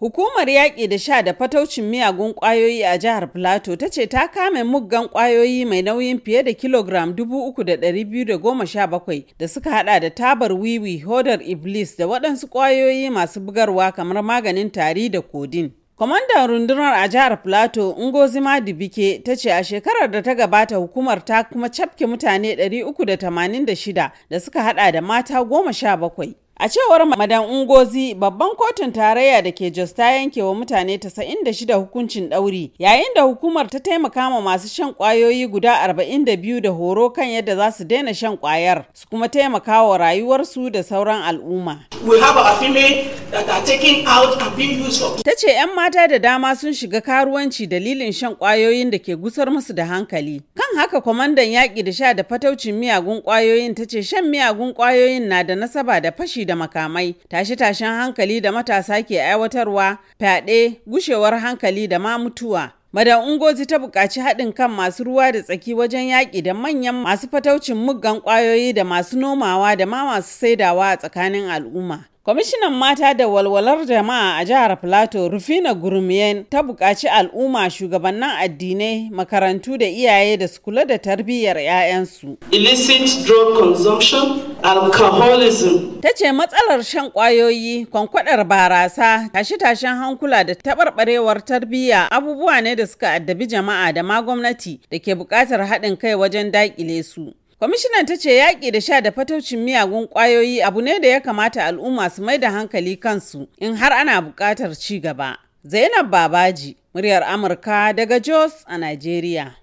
Hukumar yaƙi da sha da fataucin miyagun ƙwayoyi a jihar Plateau ta ce ta kame muggan ƙwayoyi mai nauyin fiye da kilogram 3,217 da suka hada da tabar wiwi, hodar iblis da waɗansu ƙwayoyi masu bugarwa kamar maganin tari da kodin. Kwamandan rundunar a jihar Plateau Ngozi dibike ta ce a shekarar da ta gabata hukumar ta kuma cafke mutane 386 da suka hada da mata 17. A cewar Madan Ungozi, babban kotun tarayya da ke Jos ta yanke wa mutane 96 hukuncin ɗauri, yayin da hukumar ta taimaka ma masu shan ƙwayoyi guda 42 da horo kan yadda za su daina shan ƙwayar, su kuma taimaka wa rayuwarsu da sauran al'umma. We Ta ce 'yan mata da dama sun shiga karuwanci dalilin shan ƙwayoyin da ke gusar musu da hankali. haka kwamandan yaƙi da sha da fataucin miyagun ƙwayoyin ta ce shan miyagun ƙwayoyin na da nasaba da fashi da makamai, tashe-tashen hankali da matasa ke aiwatarwa, fyaɗe, gushewar hankali da ma mutuwa. Madan Ungozi ta buƙaci haɗin kan masu ruwa da tsaki wajen yaƙi da manyan masu fataucin muggan ƙwayoyi da masu nomawa da ma masu saidawa a tsakanin al'umma. Kwamishinan Mata da Walwalar Jama'a a Jihar Filato Rufina Gurumiyen, ta buƙaci al'umma shugabannin addinai, makarantu da iyaye da su kula da tarbiyyar 'ya'yansu. Illicit drug consumption, alcoholism. Ta ce matsalar shan ƙwayoyi, kwankwaɗar barasa, tashe-tashen hankula da taɓarɓarewar tarbiyya abubuwa ne da suka addabi jama'a da ma gwamnati da ke buƙatar haɗin kai wajen daƙile su. Kwamishinan ta ce yaƙi da sha da fataucin miyagun ƙwayoyi abu ne da ya kamata al'umma su mai da hankali kansu in har ana buƙatar ci gaba. Zainab Babaji, muryar Amurka daga Jos a Najeriya.